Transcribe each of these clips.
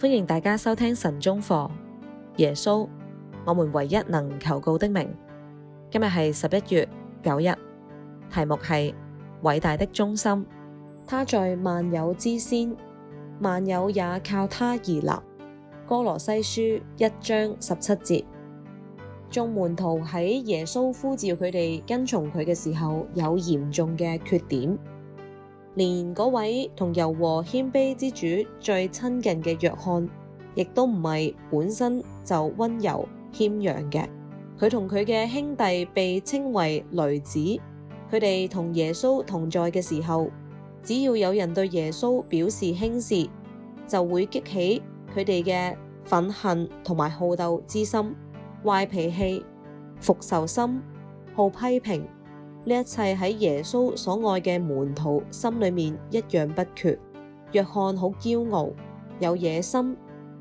歡迎大家收聽神中課，耶穌，我們唯一能求告的名。今日係十一月九日，題目係偉大的中心，他在萬有之先，萬有也靠他而立。哥羅西書一章十七節，眾門徒喺耶穌呼召佢哋跟從佢嘅時候，有嚴重嘅缺點。連嗰位同柔和謙卑之主最親近嘅約翰，亦都唔係本身就温柔謙讓嘅。佢同佢嘅兄弟被稱為雷子。佢哋同耶穌同在嘅時候，只要有人對耶穌表示輕視，就會激起佢哋嘅憤恨同埋好鬥之心，壞脾氣、復仇心、好批評。呢一切喺耶穌所愛嘅門徒心裏面一樣不缺。約翰好驕傲，有野心，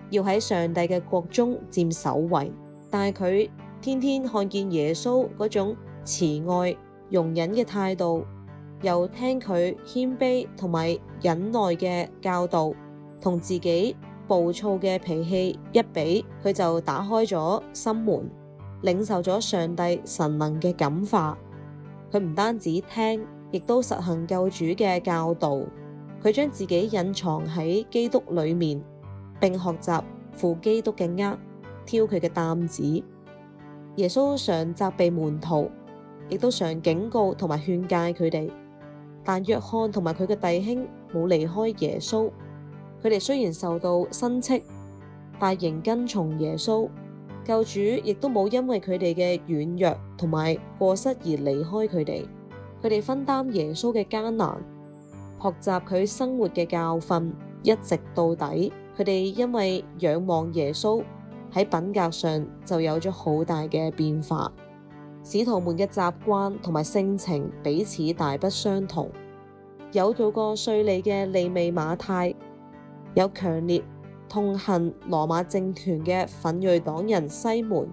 要喺上帝嘅國中佔首位。但係佢天天看見耶穌嗰種慈愛容忍嘅態度，又聽佢謙卑同埋忍耐嘅教導，同自己暴躁嘅脾氣一比，佢就打開咗心門，領受咗上帝神能嘅感化。佢唔單止聽，亦都實行救主嘅教導。佢將自己隱藏喺基督裏面，並學習負基督嘅軛，挑佢嘅擔子。耶穌常責備門徒，亦都常警告同埋勸誡佢哋。但約翰同埋佢嘅弟兄冇離開耶穌，佢哋雖然受到申斥，但仍跟從耶穌。救主亦都冇因為佢哋嘅軟弱同埋過失而離開佢哋，佢哋分擔耶穌嘅艱難，學習佢生活嘅教訓，一直到底。佢哋因為仰望耶穌喺品格上就有咗好大嘅變化。使徒們嘅習慣同埋性情彼此大不相同，有做過稅吏嘅利未馬太，有強烈痛恨羅馬政權嘅奮銳黨人西門，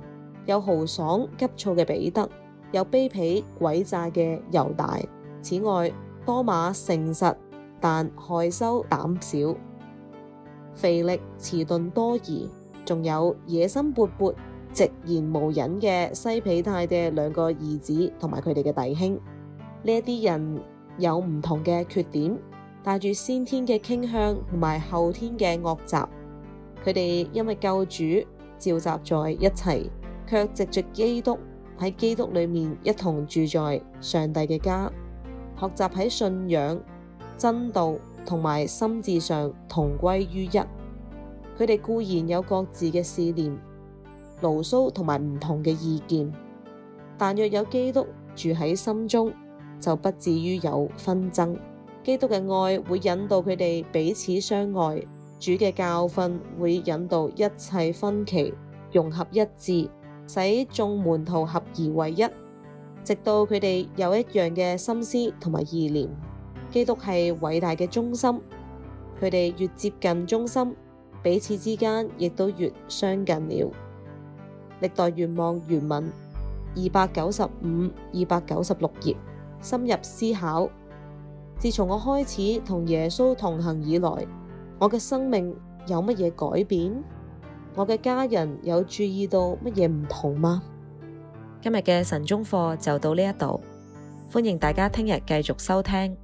有豪爽急躁嘅彼得，有卑鄙詭詐嘅猶大。此外，多馬誠實但害羞膽小，腓力遲鈍多疑，仲有野心勃勃、直言無隱嘅西庇太嘅兩個兒子同埋佢哋嘅弟兄。呢一啲人有唔同嘅缺點，帶住先天嘅傾向同埋後天嘅惡習。佢哋因為救主召集在一齊，卻藉着基督喺基督裏面一同住在上帝嘅家，學習喺信仰、真道同埋心智上同歸於一。佢哋固然有各自嘅思念、牢騷同埋唔同嘅意見，但若有基督住喺心中，就不至於有紛爭。基督嘅愛會引導佢哋彼此相愛。.主嘅教訓會引導一切分歧融合一致，使眾門徒合而為一，直到佢哋有一樣嘅心思同埋意念。基督係偉大嘅中心，佢哋越接近中心，彼此之間亦都越相近了。歷代願望原文二百九十五、二百九十六頁，深入思考。自從我開始同耶穌同行以來。我嘅生命有乜嘢改變？我嘅家人有注意到乜嘢唔同嗎？今日嘅晨鐘課就到呢一度，歡迎大家聽日繼續收聽。